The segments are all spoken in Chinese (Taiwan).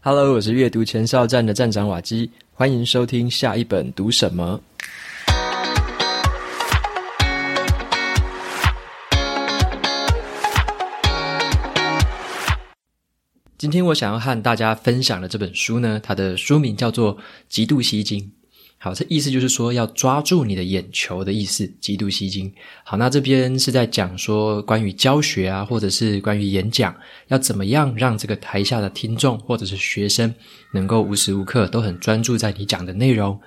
Hello，我是閱讀前哨站的站長瓦基，歡迎收聽下一本讀什麼。今天我想要和大家分享的這本書呢，它的書名叫做《極度吸睛》。好，這意思就是說要抓住你的眼球的意思，極度吸睛。好，那這邊是在講說關於教學啊，或者是關於演講，要怎麼樣讓這個台下的聽眾或者是學生，能夠無時無刻都很專注在你講的內容，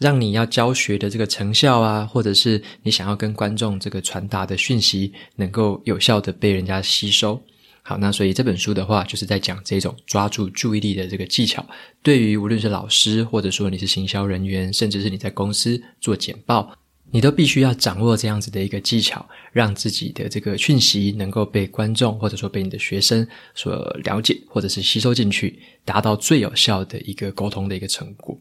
讓你要教學的這個成效啊，或者是你想要跟觀眾這個傳達的訊息，能夠有效的被人家吸收。好，那所以這本書的話，就是在講這種抓住注意力的這個技巧。對於無論是老師，或者說你是行銷人員，甚至是你在公司做簡報，你都必須要掌握這樣子的一個技巧，讓自己的這個訊息能夠被觀眾，或者說被你的學生所了解，或者是吸收進去，達到最有效的一個溝通的一個成果。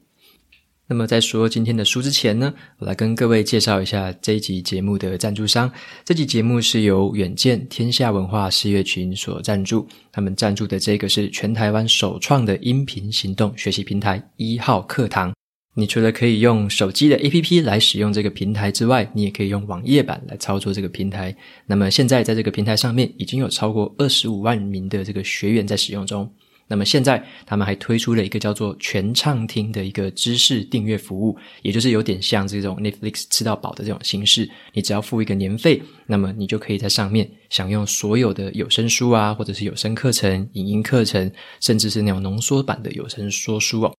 那麼，在說今天的書之前呢，我來跟各位介紹一下這一集節目的贊助商。這集節目是由遠見天下文化事業群所贊助。他們贊助的這個是全台灣首創的音頻行動學習平台一號課堂。你除了可以用手機的 APP 來使用這個平台之外，你也可以用網頁版來操作這個平台。那麼，現在在這個平台上面已經有超過二十五萬名的這個學員在使用中。那麼現在，他們還推出了一個叫做“全暢聽”的一個知識訂閱服務，也就是有點像這種 Netflix 吃到飽的這種形式。你只要付一個年費，那麼你就可以在上面享用所有的有聲書啊，或者是有聲課程、影音課程，甚至是那種濃縮版的有聲說書哦。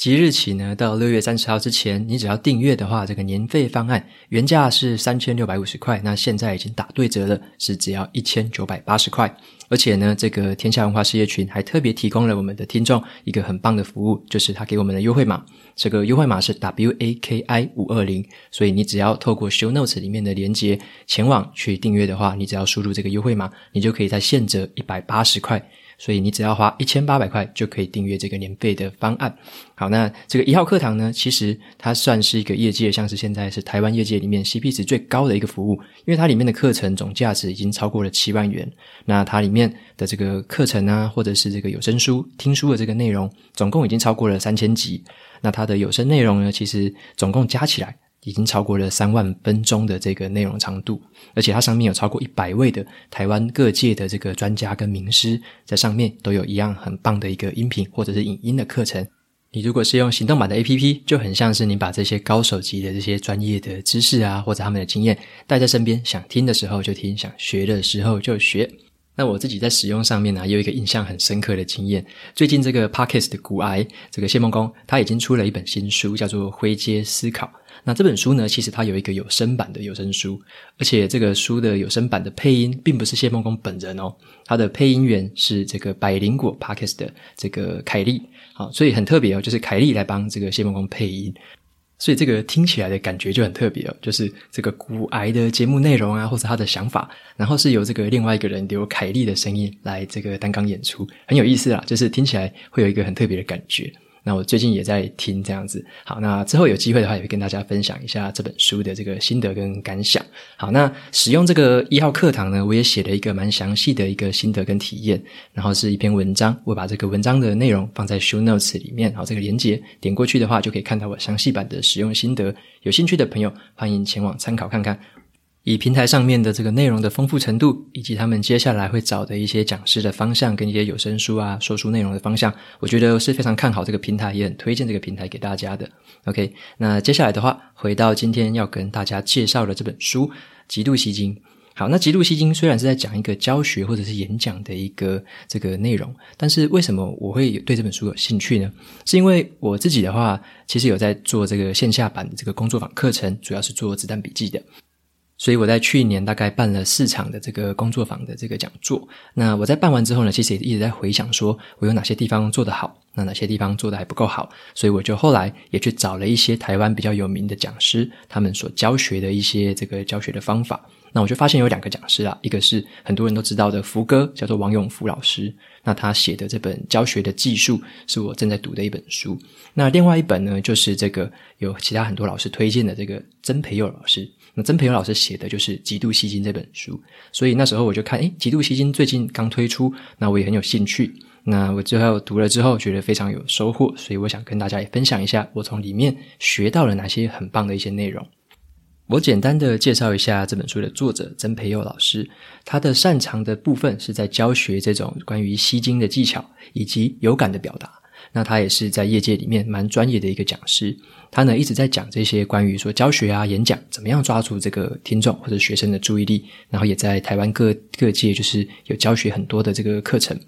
即日起呢，到六月三十號之前，你只要訂閱的話，這個年費方案原價是三千六百五十塊，那現在已經打對折了，是只要一千九百八十塊。而且呢，這個天下文化事業群還特別提供了我們的聽眾一個很棒的服務，就是他給我們的優惠碼。這個優惠碼是 WAKI 五二零，所以你只要透過 Show Notes 裡面的鏈接前往去訂閱的話，你只要輸入這個優惠碼，你就可以再現折一百八十塊。所以你只要花一千八百塊就可以訂閱這個年費的方案。好，那這個一號課堂呢，其實它算是一個業界，像是現在是台灣業界裡面 CP 值最高的一個服務，因為它裡面的課程總價值已經超過了七萬元。那它裡面的這個課程啊，或者是這個有聲書、聽書的這個內容，總共已經超過了三千集。那它的有聲內容呢，其實總共加起來。已經超過了三萬分鐘的這個內容長度，而且它上面有超過一百位的台灣各界的這個專家跟名師，在上面都有一樣很棒的一個音頻或者是影音的課程。你如果是用行動版的 APP，就很像是你把這些高手級的這些專業的知識啊，或者他們的經驗帶在身邊，想聽的時候就聽，想學的時候就學。那我自己在使用上面呢，啊，有一個印象很深刻的經驗。最近這個 Podcast 的股癌，這個謝孟恭他已經出了一本新書，叫做《灰階思考》。那這本書呢，其實它有一個有聲版的有聲書，而且這個書的有聲版的配音並不是謝孟恭本人哦，他的配音員是這個百靈果 Podcast 的這個凱莉。好，所以很特別哦，就是凱莉來幫這個謝孟恭配音。所以這個聽起來的感覺就很特別了，就是這個古癌的節目內容啊，或者他的想法，然後是由這個另外一個人劉凱麗的聲音來這個擔綱演出，很有意思啦，就是聽起來會有一個很特別的感覺。那我最近也在聽這樣子，好，那之後有機會的話，也會跟大家分享一下這本書的這個心得跟感想。好，那使用這個一號課堂呢，我也寫了一個蠻詳細的一個心得跟體驗，然後是一篇文章，我把這個文章的內容放在 show notes 裡面，好，這個連結點過去的話，就可以看到我詳細版的使用心得。有興趣的朋友，歡迎前往參考看看。以平台上面的這個內容的豐富程度，以及他們接下來會找的一些講師的方向跟一些有聲書啊、說書內容的方向，我覺得是非常看好這個平台，也很推薦這個平台給大家的。OK，那接下來的話，回到今天要跟大家介紹的這本書《極度吸睛》。好，那《極度吸睛》雖然是在講一個教學或者是演講的一個這個內容，但是為什麼我會對這本書有興趣呢？是因為我自己的話，其實有在做這個線下版的這個工作坊課程，主要是做子彈筆記的。所以我在去年大概辦了四場的這個工作坊的這個講座。那我在辦完之後呢，其實也一直在回想說我有哪些地方做得好，那哪些地方做得還不夠好。所以我就後來也去找了一些台灣比較有名的講師，他們所教學的一些這個教學的方法。那我就發現有兩個講師啊，一個是很多人都知道的福哥，叫做王永福老師。那他寫的這本教學的技術是我正在讀的一本書。那另外一本呢，就是這個有其他很多老師推薦的這個曾培祐老師。那曾培祐老師寫的就是《極度吸睛》這本書，所以那時候我就看，哎，《極度吸睛》最近剛推出，那我也很有興趣。那我最後讀了之後，覺得非常有收穫，所以我想跟大家也分享一下，我從裡面學到了哪些很棒的一些內容。我簡單的介紹一下這本書的作者曾培祐老師，他的擅長的部分是在教學這種關於吸睛的技巧，以及有感的表達。那他也是在業界裡面蠻專業的一個講師，他呢一直在講這些關於說教學啊、演講怎麼樣抓住這個聽眾或者學生的注意力，然後也在台灣各各界就是有教學很多的這個課程。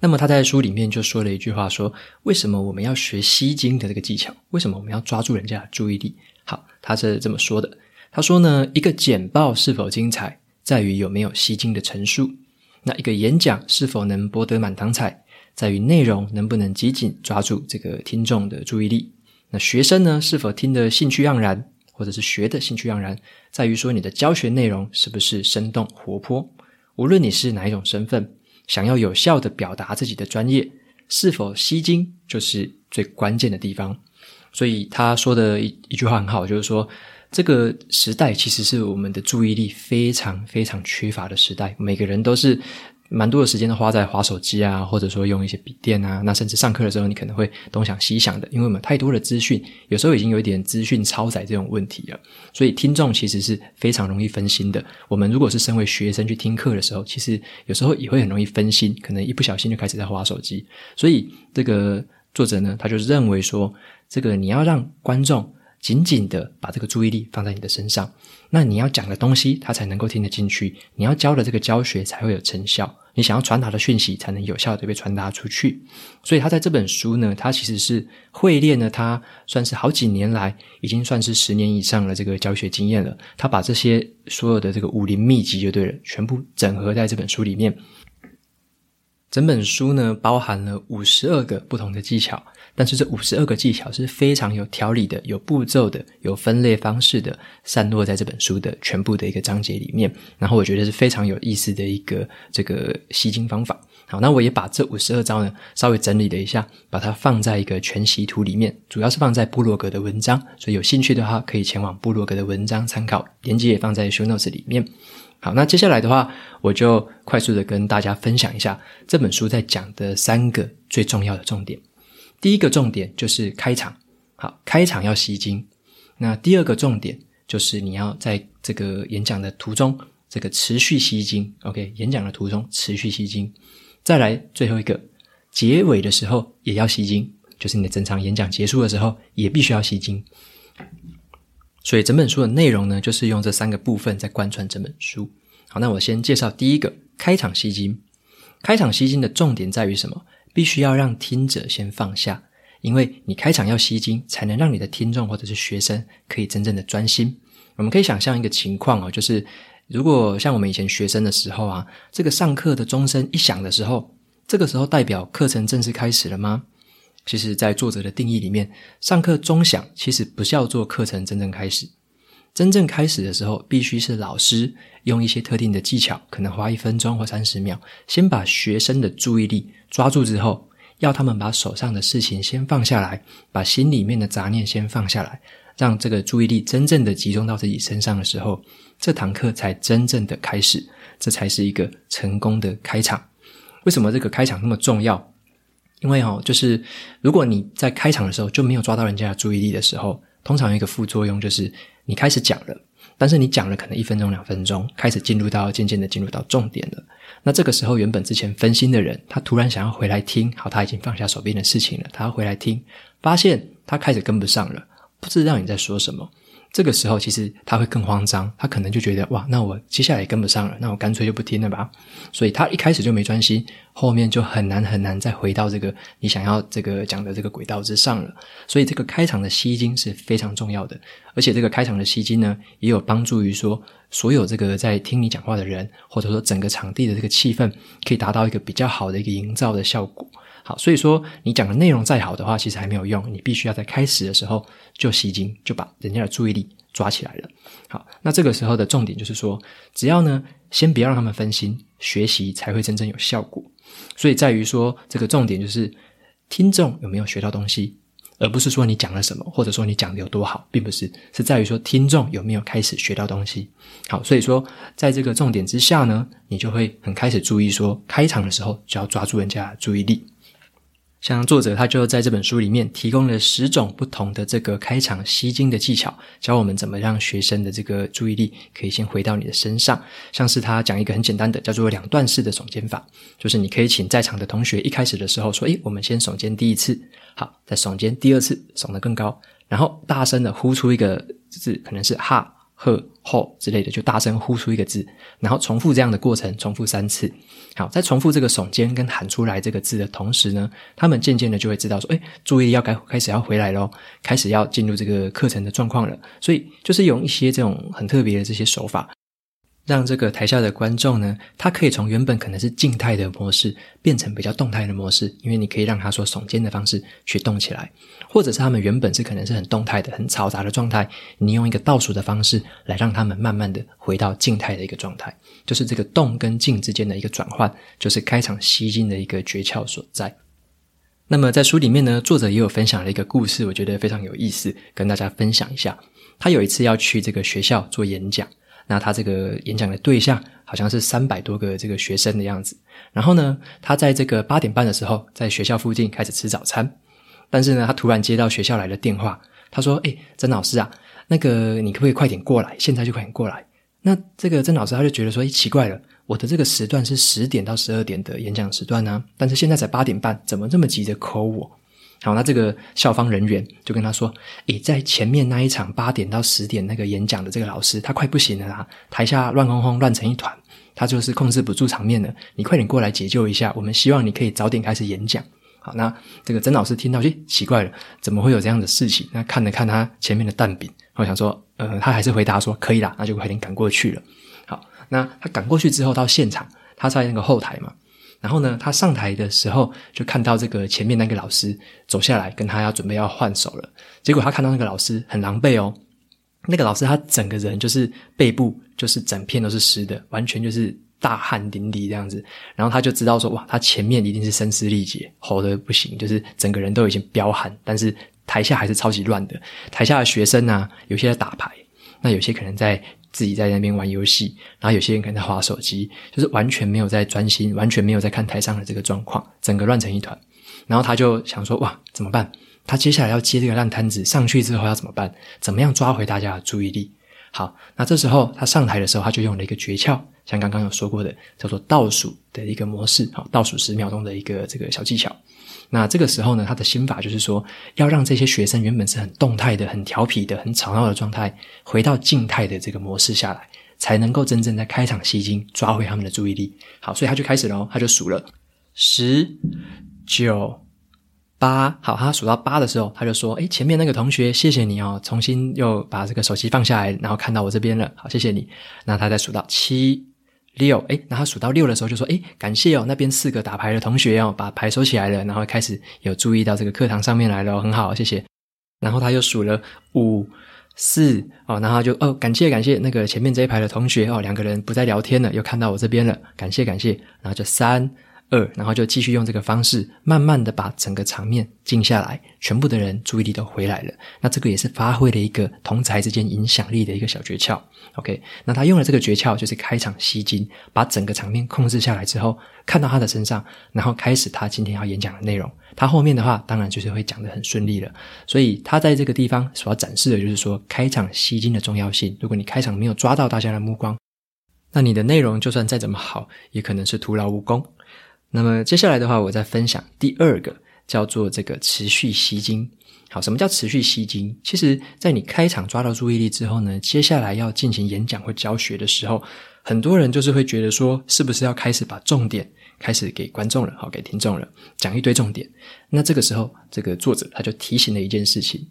那麼他在書裡面就說了一句話：說為什麼我們要學吸睛的這個技巧？為什麼我們要抓住人家的注意力？好，他是這麼說的。他說呢，一個簡報是否精彩，在於有沒有吸睛的陳述；那一個演講是否能博得滿堂彩？在於內容能不能緊緊抓住這個聽眾的注意力。那學生呢，是否聽得興趣盎然，或者是學得興趣盎然，在於說你的教學內容是不是生動活潑。無論你是哪一種身份，想要有效地表達自己的專業，是否吸睛，就是最關鍵的地方。所以他說的一一句話很好，就是說這個時代其實是我們的注意力非常非常缺乏的時代，每個人都是。蠻多的時間都花在滑手機啊，或者說用一些筆電啊，那甚至上課的時候，你可能會東想西想的，因為我們太多的資訊，有時候已經有一點資訊超載這種問題了。所以聽眾其實是非常容易分心的。我們如果是身為學生去聽課的時候，其實有時候也會很容易分心，可能一不小心就開始在滑手機。所以這個作者呢，他就認為說，這個你要讓觀眾緊緊緊地把這個注意力放在你的身上。那你要講的東西，他才能夠聽得進去；你要教的這個教學才會有成效，你想要傳達的訊息才能有效地被傳達出去。所以他在這本書呢，他其實是匯練呢，他算是好幾年來已經算是十年以上的這個教學經驗了。他把這些所有的這個武林祕籍就對了，全部整合在這本書裡面。整本書呢，包含了五十二個不同的技巧，但是這五十二個技巧是非常有條理的、有步驟的、有分類方式的，散落在這本書的全部的一個章節裡面。然後我覺得是非常有意思的一個這個吸睛方法。好，那我也把這五十二招呢，稍微整理了一下，把它放在一個全息圖裡面，主要是放在部落格的文章。所以有興趣的話，可以前往部落格的文章參考，鏈接也放在 show notes 裡面。好，那接下來的話，我就快速的跟大家分享一下這本書在講的三個最重要的重點。第一個重點就是開場，好，開場要吸睛。那第二個重點就是你要在這個演講的途中，這個持續吸睛。OK，演講的途中持續吸睛。再來最後一個，結尾的時候也要吸睛，就是你的整場演講結束的時候也必須要吸睛。所以整本書的內容呢，就是用這三個部分在貫穿整本書。好，那我先介紹第一個開場吸睛。開場吸睛的重點在於什麼？必須要讓聽者先放下，因為你開場要吸睛，才能讓你的聽眾或者是學生可以真正的專心。我們可以想象一個情況哦，就是如果像我們以前學生的時候啊，這個上課的鐘聲一響的時候，這個時候代表課程正式開始了嗎？其實，在作者的定義裡面，上課鐘響其實不叫做課程真正開始。真正開始的時候，必須是老師用一些特定的技巧，可能花一分鐘或三十秒，先把學生的注意力抓住之後，要他們把手上的事情先放下來，把心裡面的雜念先放下來，讓這個注意力真正的集中到自己身上的時候，這堂課才真正的開始，這才是一個成功的開場。為什麼這個開場那麼重要？因為哈、哦，就是如果你在開場的時候就沒有抓到人家的注意力的時候，通常有一個副作用就是，你開始講了，但是你講了可能一分鐘兩分鐘，開始進入到漸漸的進入到重點了。那這個時候原本之前分心的人，他突然想要回來聽，好，他已經放下手邊的事情了，他要回來聽，發現他開始跟不上了，不知道你在說什麼。這個時候，其實他會更慌張，他可能就覺得哇，那我接下來也跟不上了，那我乾脆就不聽了吧。所以他一開始就沒專心，後面就很難很難再回到這個你想要這個講的這個軌道之上了。所以這個開場的吸睛是非常重要的，而且這個開場的吸睛呢，也有幫助於說所有這個在聽你講話的人，或者說整個場地的這個氣氛，可以達到一個比較好的一個營造的效果。好，所以說你講的內容再好的話，其實還沒有用。你必須要在開始的時候就吸睛，就把人家的注意力抓起來了。好，那這個時候的重點就是說，只要呢，先不要讓他們分心，學習才會真正有效果。所以在於說，這個重點就是聽眾有沒有學到東西，而不是說你講了什麼，或者說你講的有多好，並不是，是在於說聽眾有沒有開始學到東西。好，所以說在這個重點之下呢，你就會很開始注意說，開場的時候就要抓住人家的注意力。像作者，他就在這本書裡面提供了十種不同的這個開場吸睛的技巧，教我們怎麼讓學生的這個注意力可以先回到你的身上。像是他講一個很簡單的，叫做兩段式的聳肩法，就是你可以請在場的同學一開始的時候說：“誒，我們先聳肩第一次，好，再聳肩第二次，聳得更高，然後大聲地呼出一個字，可能是哈。”呵吼之類的，就大聲呼出一個字，然後重複這樣的過程，重複三次。好，在重複這個聳肩跟喊出來這個字的同時呢，他們漸漸的就會知道說，誒，注意要該開始要回來咯，開始要進入這個課程的狀況了。所以，就是用一些這種很特別的這些手法。讓這個台下的觀眾呢，他可以從原本可能是靜態的模式，變成比較動態的模式，因為你可以讓他說聳肩的方式去動起來，或者是他們原本是可能是很動態的、很嘈雜的狀態，你用一個倒數的方式來讓他們慢慢的回到靜態的一個狀態，就是這個動跟靜之間的一個轉換，就是開場吸睛的一個訣竅所在。那麼在書裡面呢，作者也有分享了一個故事，我覺得非常有意思，跟大家分享一下。他有一次要去這個學校做演講。那他這個演講的對象好像是三百多個這個學生的樣子。然後呢，他在這個八點半的時候，在學校附近開始吃早餐。但是呢，他突然接到學校來的電話，他說：“誒，曾老師啊，那個你可不可以快點過來？現在就快點過來。”那這個曾老師他就覺得說：“誒，奇怪了，我的這個時段是十點到十二點的演講時段呢、啊，但是現在才八點半，怎麼這麼急着 call 我？”好，那這個校方人員就跟他說：“誒，在前面那一場八點到十點那個演講的這個老師，他快不行了啊！台下亂哄哄，亂成一團，他就是控制不住場面了。你快點過來解救一下，我們希望你可以早點開始演講。”好，那這個曾老師聽到，誒，奇怪了，怎麼會有這樣的事情？那看了看他前面的蛋餅，我想說：“呃，他還是回答說可以啦。”那就快點趕過去了。好，那他趕過去之後到現場，他在那個後台嘛。然後呢，他上台的時候就看到這個前面那個老師走下來，跟他要準備要換手了。結果他看到那個老師很狼狽哦，那個老師他整個人就是背部就是整片都是濕的，完全就是大汗淋漓這樣子。然後他就知道說，哇，他前面一定是聲嘶力竭吼得不行，就是整個人都已經飆汗，但是台下還是超級亂的。台下的學生啊，有些在打牌，那有些可能在。自己在那邊玩遊戲，然後有些人可能在滑手機，就是完全沒有在專心，完全沒有在看台上的這個狀況，整個亂成一團。然後他就想說：哇，怎麼辦？他接下來要接這個爛攤子上去之後要怎麼辦？怎麼樣抓回大家的注意力？好，那這時候他上台的時候，他就用了一個訣竅，像剛剛有說過的，叫做倒數的一個模式，好，倒數十秒鐘的一個這個小技巧。那這個時候呢，他的心法就是說，要讓這些學生原本是很動態的、很調皮的、很吵鬧的狀態，回到靜態的這個模式下來，才能夠真正在開場吸睛，抓回他們的注意力。好，所以他就開始了哦，他就數了十、九、八。好，他數到八的時候，他就說：“誒，前面那個同學，謝謝你哦，重新又把這個手機放下來，然後看到我這邊了，好，謝謝你。”那他再數到七。六，哎，然後數到六的時候就說，哎，感謝哦，那邊四個打牌的同學哦，把牌收起來了，然後開始有注意到這個課堂上面來了哦，很好，謝謝。然後他又數了五四，哦，然後就哦，感謝感謝那個前面這一排的同學哦，兩個人不再聊天了，又看到我這邊了，感謝感謝。然後就三。二，然後就繼續用這個方式，慢慢地把整個場面靜下來，全部的人注意力都回來了。那這個也是發揮了一個同儕之間影響力的一個小訣竅。OK，那他用了這個訣竅，就是開場吸睛，把整個場面控制下來之後，看到他的身上，然後開始他今天要演講的內容。他後面的話，當然就是會講得很順利了。所以他在這個地方所要展示的就是說，開場吸睛的重要性。如果你開場沒有抓到大家的目光，那你的內容就算再怎麼好，也可能是徒勞無功。那麼接下來的話，我再分享第二個，叫做這個持續吸睛。好，什麼叫持續吸睛？其實，在你開場抓到注意力之後呢，接下來要進行演講或教學的時候，很多人就是會覺得說，是不是要開始把重點開始給觀眾了，好，給聽眾了，講一堆重點。那這個時候，這個作者他就提醒了一件事情，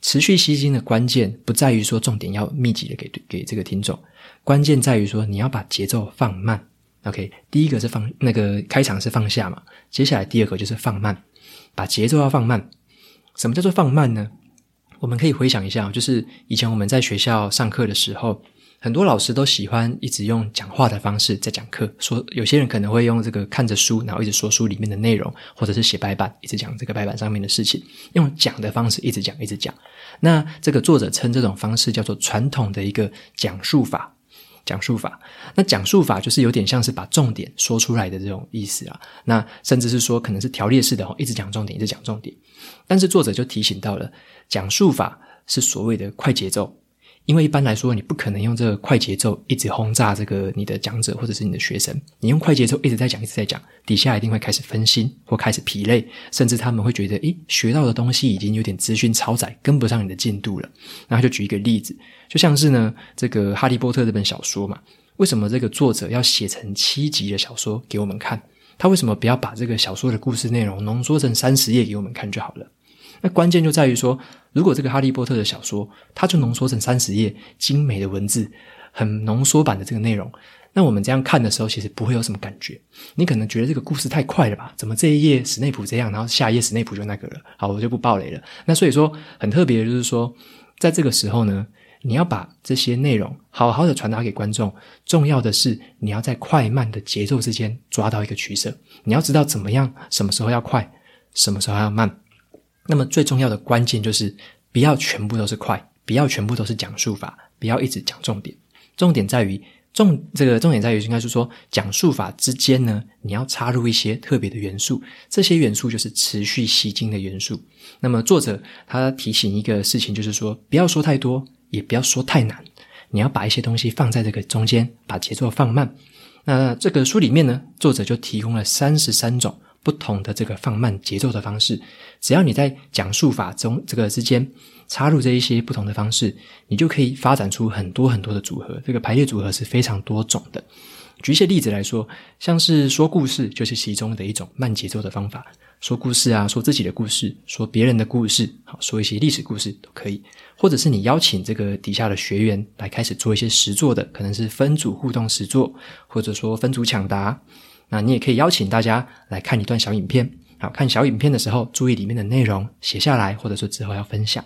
持續吸睛的關鍵不在於說重點要密集的給給這個聽眾，關鍵在於說你要把節奏放慢。OK，第一個是放那個開場是放下嘛，接下來第二個就是放慢，把節奏要放慢。什麼叫做放慢呢？我們可以回想一下，就是以前我們在學校上課的時候，很多老師都喜歡一直用講話的方式在講課，說有些人可能會用這個看着書，然後一直說書裡面的內容，或者是寫白板，一直講這個白板上面的事情，用講的方式一直講一直講。那這個作者稱這種方式叫做傳統的一個講述法。講述法，那講述法就是有點像是把重點說出來的這種意思啊。那甚至是說可能是條列式的哦，一直講重點，一直講重點。但是作者就提醒到了，講述法是所謂的快節奏。因為一般來說，你不可能用這個快節奏一直轟炸這個你的講者或者是你的學生。你用快節奏一直在講，一直在講，底下一定會開始分心或開始疲累，甚至他們會覺得，誒，學到的東西已經有點資訊超載，跟不上你的進度了。然後就舉一個例子，就像是呢，這個《哈利波特》這本小說嘛，為什麼這個作者要寫成七集的小說給我們看？他為什麼不要把這個小說的故事內容濃縮成三十頁給我們看就好了？那關鍵就在於說，如果這個哈利波特的小說，它就濃縮成三十頁精美的文字，很濃縮版的這個內容，那我們這樣看的時候，其實不會有什麼感覺。你可能覺得這個故事太快了吧？怎麼這一頁史內普這樣，然後下一頁史內普就那個了？好，我就不爆雷了。那所以說，很特別的就是說，在這個時候呢，你要把這些內容好好的傳達給觀眾。重要的是，你要在快慢的節奏之間抓到一個取捨。你要知道怎麼樣，什麼時候要快，什麼時候要慢。那麼最重要的關鍵就是，不要全部都是快，不要全部都是講述法，不要一直講重點。重點在於重這個重點在於應該是說，講述法之間呢，你要插入一些特別的元素。這些元素就是持續吸睛的元素。那麼作者他提醒一個事情，就是說，不要說太多，也不要說太難。你要把一些東西放在這個中間，把節奏放慢。那這個書裡面呢，作者就提供了三十三種。不同的這個放慢節奏的方式，只要你在講述法中這個之間插入這一些不同的方式，你就可以發展出很多很多的組合。這個排列組合是非常多種的。舉一些例子來說，像是說故事就是其中的一種慢節奏的方法。說故事啊，說自己的故事，說別人的故事，好，說一些歷史故事都可以。或者是你邀請這個底下的學員來開始做一些實作的，可能是分組互動實作，或者說分組搶答。那你也可以邀請大家來看一段小影片。好，看小影片的時候，注意裡面的內容，寫下來，或者說之後要分享。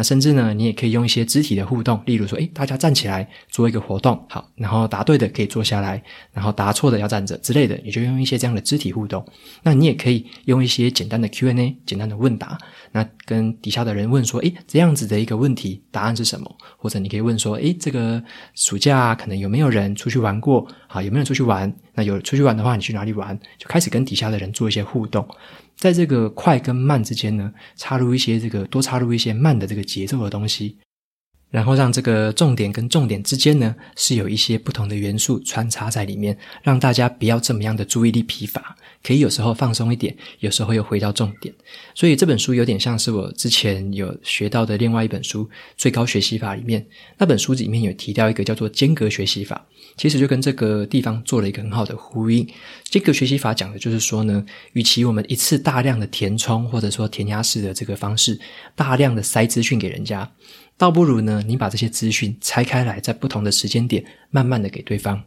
那甚至呢，你也可以用一些肢體的互動，例如說，誒，大家站起來做一個活動，好，然後答對的可以坐下來，然後答錯的要站着之類的，你就用一些這樣的肢體互動。那你也可以用一些簡單的 Q&A，簡單的問答，那跟底下的人問說，誒，這樣子的一個問題答案是什麼？或者你可以問說，誒，這個暑假可能有沒有人出去玩過？好，有沒有出去玩？那有出去玩的話，你去哪裡玩？就開始跟底下的人做一些互動。在這個快跟慢之間呢，插入一些這個，多插入一些慢的這個節奏的東西。然後讓這個重點跟重點之間呢，是有一些不同的元素穿插在裡面，讓大家不要這麼樣的注意力疲乏，可以有時候放鬆一點，有時候又回到重點。所以這本書有點像是我之前有學到的另外一本書《最高學習法》裡面，那本書裡面有提到一個叫做間隔學習法，其實就跟這個地方做了一個很好的呼應。間隔學習法講的就是說呢，與其我們一次大量的填充，或者說填鴨式的這個方式，大量的塞資訊給人家。倒不如呢，你把這些資訊拆開來，在不同的時間點，慢慢的給對方。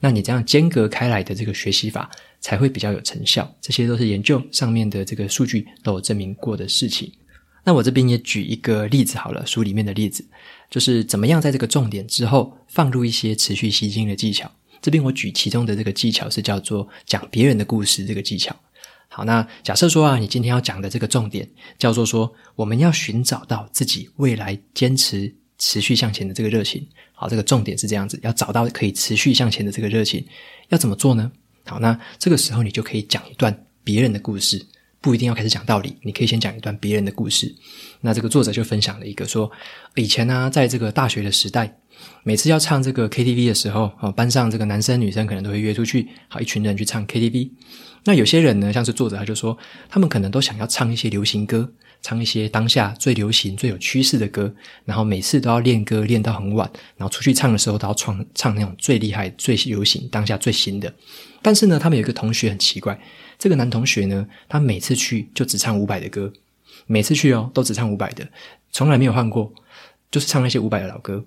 那你這樣間隔開來的這個學習法，才會比較有成效。這些都是研究上面的這個數據都有證明過的事情。那我這邊也舉一個例子好了，書裡面的例子，就是怎麼樣在這個重點之後，放入一些持續吸睛的技巧。這邊我舉其中的這個技巧是叫做講別人的故事這個技巧。好，那假設說啊，你今天要講的這個重點叫做說，我們要尋找到自己未來堅持持續向前的這個熱情。好，這個重點是這樣子，要找到可以持續向前的這個熱情，要怎麼做呢？好，那這個時候你就可以講一段別人的故事，不一定要開始講道理，你可以先講一段別人的故事。那這個作者就分享了一個說，以前呢、啊，在這個大學的時代，每次要唱這個 KTV 的時候，班上這個男生女生可能都會約出去，好，一群人去唱 KTV。那有些人呢，像是作者，他就說，他們可能都想要唱一些流行歌，唱一些當下最流行、最有趨勢的歌，然後每次都要練歌，練到很晚，然後出去唱的時候，都要唱唱那種最厲害、最流行、當下最新的。但是呢，他們有一個同學很奇怪，這個男同學呢，他每次去就只唱伍佰的歌，每次去哦都只唱伍佰的，從來沒有換過，就是唱那些伍佰的老歌。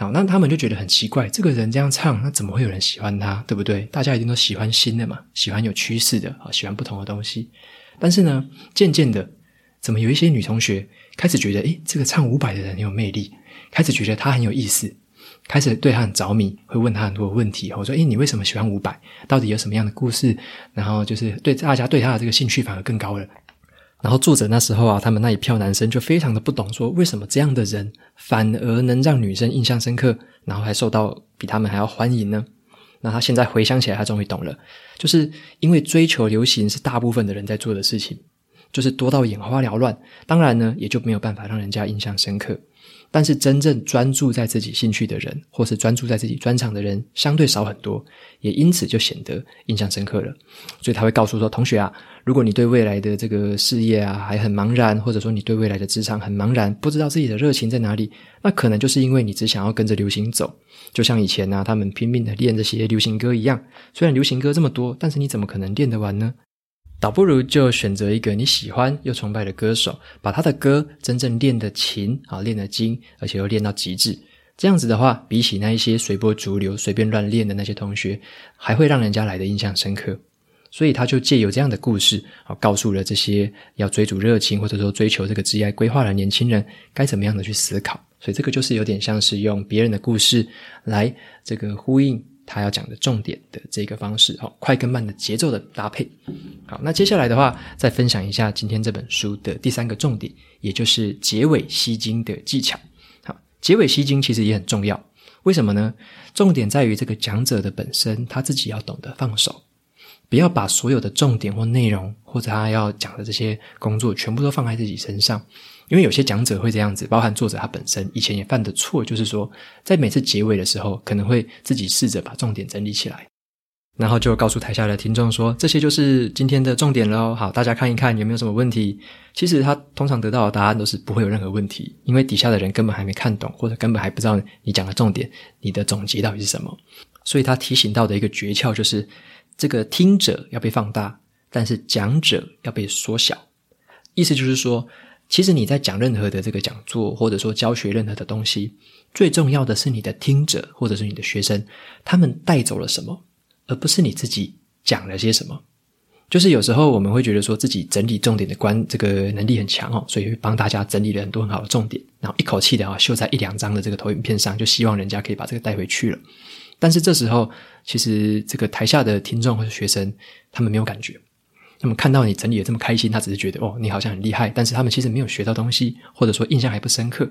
好，那他們就覺得很奇怪，這個人這樣唱，那怎麼會有人喜歡他，對不對？大家一定都喜歡新的嘛，喜歡有趨勢的，啊，喜歡不同的東西。但是呢，漸漸的，怎麼有一些女同學開始覺得，哎，這個唱伍佰的人很有魅力，開始覺得他很有意思，開始對他很着迷，會問他很多問題。我說，哎，你為什麼喜歡伍佰？到底有什麼樣的故事？然後就是對大家對他的這個興趣反而更高了。然後作者那時候啊，他們那一票男生就非常的不懂，說為什麼這樣的人反而能讓女生印象深刻，然後還受到比他們還要歡迎呢？那他現在回想起來，他終於懂了，就是因為追求流行是大部分的人在做的事情，就是多到眼花繚亂，當然呢，也就沒有辦法讓人家印象深刻。但是真正專注在自己興趣的人，或是專注在自己專長的人，相對少很多，也因此就顯得印象深刻了。所以他會告訴說，同學啊，如果你對未來的這個事業啊還很茫然，或者說你對未來的職場很茫然，不知道自己的熱情在哪裡，那可能就是因為你只想要跟着流行走，就像以前啊，他們拼命的練這些流行歌一樣，雖然流行歌這麼多，但是你怎麼可能練得完呢？倒不如就選擇一個你喜歡又崇拜的歌手，把他的歌真正練得勤啊，練得精，而且又練到極致。這樣子的話，比起那一些隨波逐流、隨便亂練的那些同學，還會讓人家來的印象深刻。所以他就藉由這樣的故事，啊，告訴了這些要追逐熱情或者說追求這個職業規劃的年輕人，該怎麼樣的去思考。所以這個就是有點像是用別人的故事來這個呼應。他要講的重點的這個方式，哦，快跟慢的節奏的搭配。好，那接下來的話，再分享一下今天這本書的第三個重點，也就是結尾吸睛的技巧。好，結尾吸睛其實也很重要，為什麼呢？重點在於這個講者的本身，他自己要懂得放手，不要把所有的重點或內容，或者他要講的這些工作，全部都放在自己身上。因為有些講者會這樣子，包含作者他本身以前也犯的錯，就是說，在每次結尾的時候，可能會自己試着把重點整理起來，然後就告訴台下的聽眾說：“這些就是今天的重點嘍。”好，大家看一看有沒有什麼問題？其實他通常得到的答案都是不會有任何問題，因為底下的人根本還沒看懂，或者根本還不知道你講的重點，你的總結到底是什麼。所以他提醒到的一個訣竅就是：這個聽者要被放大，但是講者要被縮小。意思就是說，其實你在講任何的這個講座，或者說教學任何的東西，最重要的是你的聽者或者是你的學生，他們帶走了什麼，而不是你自己講了些什麼。就是有時候我們會覺得說自己整理重點的關，這個能力很強哦，所以會幫大家整理了很多很好的重點，然後一口氣的啊，秀在一兩張的這個投影片上，就希望人家可以把這個帶回去了。但是這時候，其實這個台下的聽眾或者學生，他們沒有感覺。那麼看到你整理的這麼開心，他只是覺得哦，你好像很厲害，但是他們其實沒有學到東西，或者說印象還不深刻。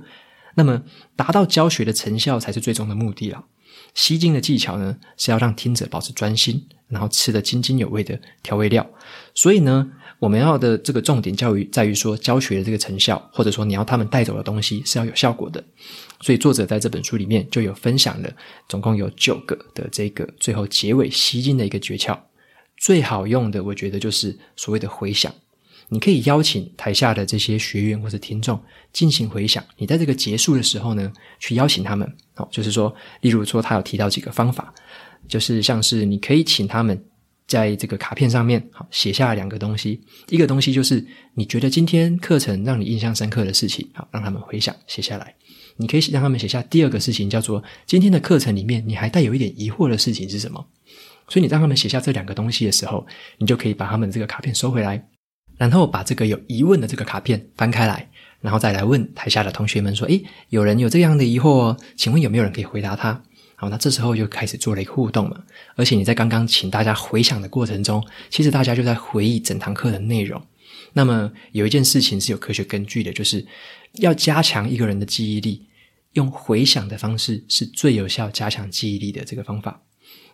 那麼達到教學的成效才是最終的目的了。吸睛的技巧呢，是要讓聽者保持專心，然後吃得津津有味的調味料。所以呢，我們要的這個重點教育在於說教學的這個成效，或者說你要他們帶走的東西是要有效果的。所以作者在這本書裡面就有分享了，總共有九個的這個最後結尾吸睛的一個訣竅。最好用的，我覺得就是所謂的回響。你可以邀請台下的這些學員或者聽眾進行回響。你在這個結束的時候呢，去邀請他們。好，就是說，例如說，他有提到幾個方法，就是像是你可以請他們在這個卡片上面，好，寫下兩個東西。一個東西就是你覺得今天課程讓你印象深刻的事情，好，讓他們回響，寫下來。你可以讓他們寫下第二個事情，叫做今天的課程裡面你還帶有一點疑惑的事情是什麼？所以你讓他們寫下這兩個東西的時候，你就可以把他們這個卡片收回來，然後把這個有疑問的這個卡片翻開來，然後再來問台下的同學們說：“誒，有人有這樣的疑惑哦，請問有沒有人可以回答他？”好，那這時候就開始做了一個互動嘛。而且你在剛剛請大家回想的過程中，其實大家就在回憶整堂課的內容。那麼有一件事情是有科學根據的，就是要加強一個人的記憶力，用回想的方式是最有效加強記憶力的這個方法。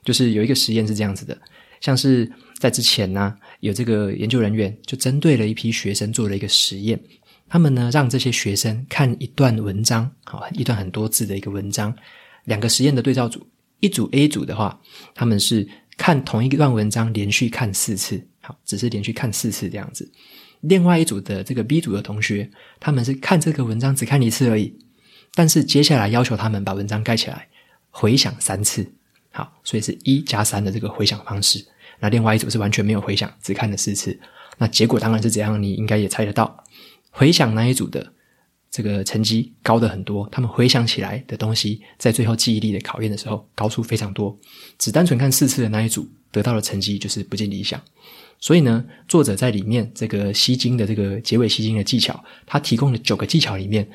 就是有一個實驗是這樣子的，像是在之前呢、啊，有這個研究人員就針對了一批學生做了一個實驗，他們呢讓這些學生看一段文章，好，一段很多字的一個文章。兩個實驗的對照組，一組 A 組的話，他們是看同一段文章連續看四次，好，只是連續看四次這樣子。另外一組的這個 B 組的同學，他們是看這個文章只看一次而已，但是接下來要求他們把文章蓋起來，回想三次。好，所以是一加三的這個回想方式。那另外一組是完全沒有回想，只看了四次。那結果當然是怎樣？你應該也猜得到，回想那一組的這個成績高得很多。他們回想起來的東西，在最後記憶力的考驗的時候，高出非常多。只單純看四次的那一組，得到的成績就是不盡理想。所以呢，作者在裡面這個吸睛的這個結尾吸睛的技巧，他提供了九個技巧裡面。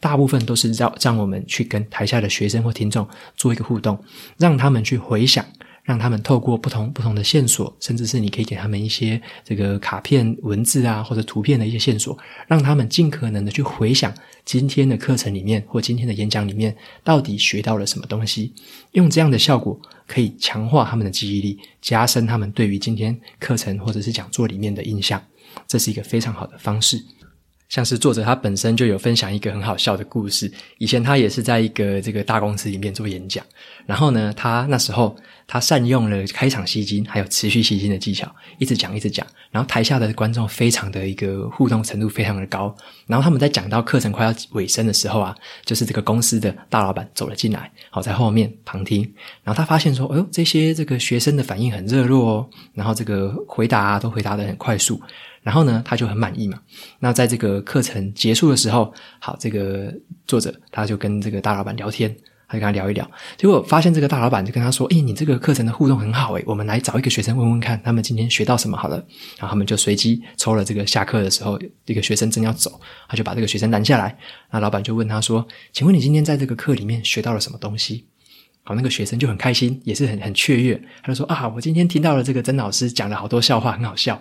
大部分都是讓讓我們去跟台下的學生或聽眾做一個互動，讓他們去回想，讓他們透過不同不同的線索，甚至是你可以給他們一些這個卡片文字啊或者圖片的一些線索，讓他們盡可能的去回想今天的課程裡面或今天的演講裡面到底學到了什麼東西。用這樣的效果可以強化他們的記憶力，加深他們對於今天課程或者是講座裡面的印象。這是一個非常好的方式。像是作者他本身就有分享一個很好笑的故事，以前他也是在一個這個大公司裡面做演講，然後呢，他那時候他善用了開場吸睛還有持續吸睛的技巧，一直講一直講，然後台下的觀眾非常的一個互動程度非常的高，然後他們在講到課程快要尾聲的時候啊，就是這個公司的大老闆走了進來，好在後面旁聽，然後他發現說，哎呦，這些這個學生的反應很熱絡哦，然後這個回答啊，都回答得很快速。然後呢，他就很滿意嘛。那在這個課程結束的時候，好，這個作者他就跟這個大老闆聊天，他就跟他聊一聊，結果發現這個大老闆就跟他說：“哎，你這個課程的互動很好哎，我們來找一個學生問問看，他們今天學到什麼好了。”然後他們就隨機抽了這個下課的時候，一個學生正要走，他就把這個學生攔下來，那老闆就問他說：“請問你今天在這個課裡面學到了什麼東西？”好，那個學生就很開心，也是很很雀躍，他就說：“啊，我今天聽到了這個曾老師講了好多笑話，很好笑。”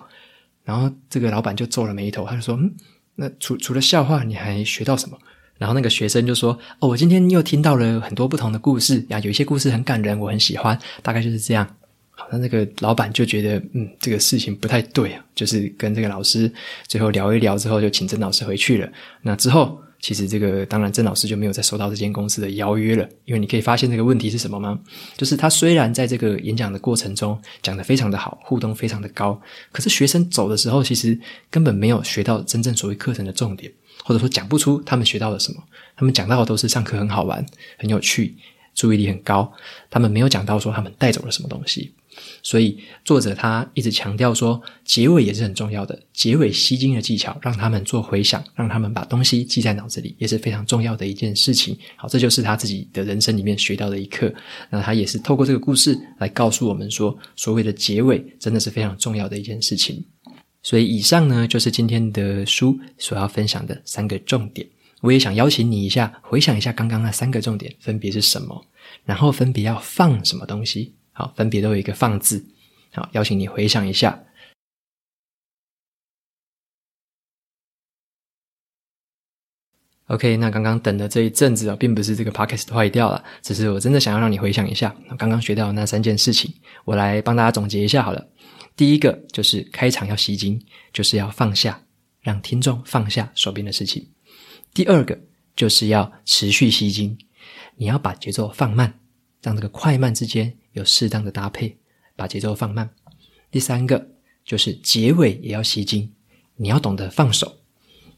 然後這個老闆就皺了眉頭，他就說：“嗯，那除除了笑話，你還學到什麼？”然後那個學生就說：“哦，我今天又聽到了很多不同的故事啊、嗯，有一些故事很感人，我很喜歡，大概就是這樣。好”好像，那這個老闆就覺得：“嗯，這個事情不太對啊。”就是跟這個老師最後聊一聊之後，就請曾老師回去了。那之後。其實這個當然，鄭老師就沒有再收到這間公司的邀約了。因為你可以發現這個問題是什麼嗎？就是他雖然在這個演講的過程中講得非常的好，互動非常的高，可是學生走的時候，其實根本沒有學到真正所謂課程的重點，或者說講不出他們學到了什麼。他們講到的都是上課很好玩，很有趣。注意力很高，他們沒有講到說他們帶走了什麼東西，所以作者他一直強調說，結尾也是很重要的，結尾吸睛的技巧讓他們做回想，讓他們把東西記在腦子裡，也是非常重要的一件事情。好，這就是他自己的人生裡面學到的一課。那他也是透過這個故事來告訴我們說，所謂的結尾真的是非常重要的一件事情。所以以上呢，就是今天的書所要分享的三個重點。我也想邀請你一下，回想一下剛剛那三個重點分別是什麼，然後分別要放什麼東西。好，分別都有一個“放”字。好，邀請你回想一下。OK，那剛剛等的這一陣子，哦，並不是這個 podcast 壞掉了，只是我真的想要讓你回想一下剛剛學到的那三件事情。我來幫大家總結一下好了。第一個就是開場要吸睛，就是要放下，讓聽眾放下手邊的事情。第二個就是要持續吸睛，你要把節奏放慢，讓這個快慢之間有適當的搭配，把節奏放慢。第三個就是結尾也要吸睛，你要懂得放手，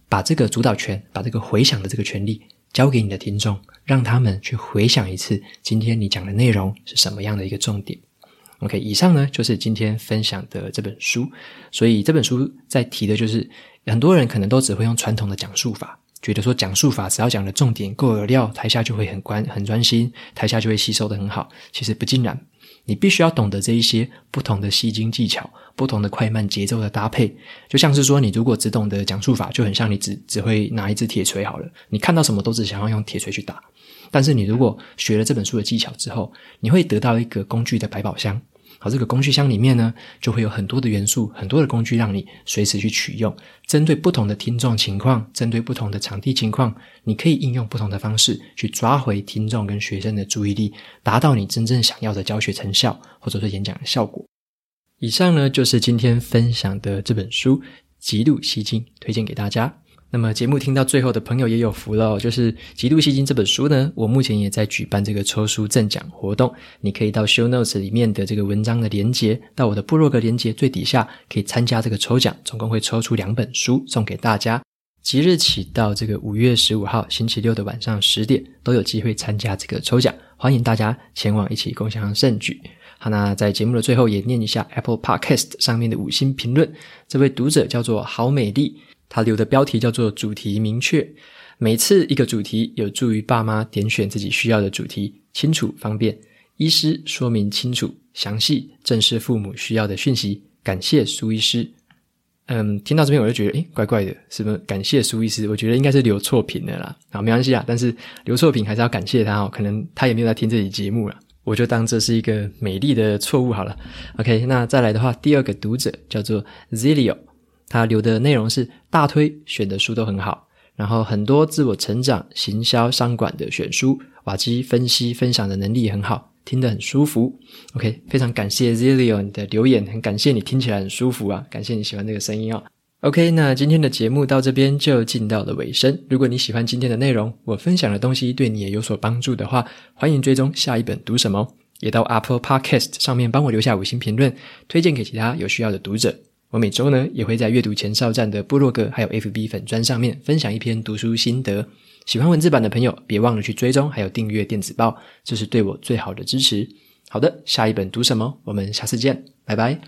把這個主導權、把這個回響的這個權利交給你的聽眾，讓他們去回想一次今天你講的內容是什麼樣的一個重點。OK，以上呢就是今天分享的這本書，所以這本書在提的就是很多人可能都只會用傳統的講述法。覺得說講述法只要講的重點夠有料，台下就會很關很專心，台下就會吸收得很好。其實不盡然，你必須要懂得這一些不同的吸睛技巧，不同的快慢節奏的搭配。就像是說，你如果只懂得講述法，就很像你只只會拿一支鐵錘好了，你看到什麼都只想要用鐵錘去打。但是你如果學了這本書的技巧之後，你會得到一個工具的百寶箱。好，這個工具箱裡面呢，就會有很多的元素，很多的工具，讓你隨時去取用。針對不同的聽眾情況，針對不同的場地情況，你可以應用不同的方式去抓回聽眾跟學生的注意力，達到你真正想要的教學成效，或者是演講的效果。以上呢，就是今天分享的這本書《極度吸睛》，推薦給大家。那麼節目聽到最後的朋友也有福嘍、哦，就是《極度吸金》這本書呢，我目前也在舉辦這個抽書贈獎活動。你可以到 Show Notes 裡面的這個文章的連接，到我的部落格連接最底下，可以參加這個抽獎，總共會抽出兩本書送給大家。即日起到這個五月十五號星期六的晚上十點，都有機會參加這個抽獎，歡迎大家前往一起共享盛舉。好，那在節目的最後也念一下 Apple Podcast 上面的五星評論，這位讀者叫做好美麗。他留的標題叫做“主題明確”，每次一個主題有助於爸媽點選自己需要的主題，清楚方便。醫師說明清楚、詳細，正是父母需要的訊息。感謝蘇醫師。嗯，聽到這邊我就覺得，誒怪怪的，是不是？感謝蘇醫師？我覺得應該是留錯評的啦。好，沒關係啊，但是留錯評還是要感謝他哦。可能他也沒有在聽這集節目了，我就當這是一個美麗的錯誤好了。OK，那再來的話，第二個讀者叫做 Zilio。他留的內容是大推，選的書都很好，然後很多自我成長、行銷、商管的選書，瓦基分析分享的能力也很好，聽得很舒服。OK，非常感謝 Zillion 的留言，很感謝你聽起來很舒服啊，感謝你喜歡這個聲音哦。OK，那今天的節目到這邊就進到了尾聲。如果你喜歡今天的內容，我分享的東西對你也有所幫助的話，歡迎追蹤下一本讀什麼哦，也到 Apple Podcast 上面幫我留下五星評論，推薦給其他有需要的讀者。我每週呢也會在閱讀前哨站的部落格還有 FB 粉專上面分享一篇讀書心得，喜歡文字版的朋友別忘了去追蹤還有訂閱電子報，這是對我最好的支持。好的，下一本讀什麼？我們下次見，拜拜。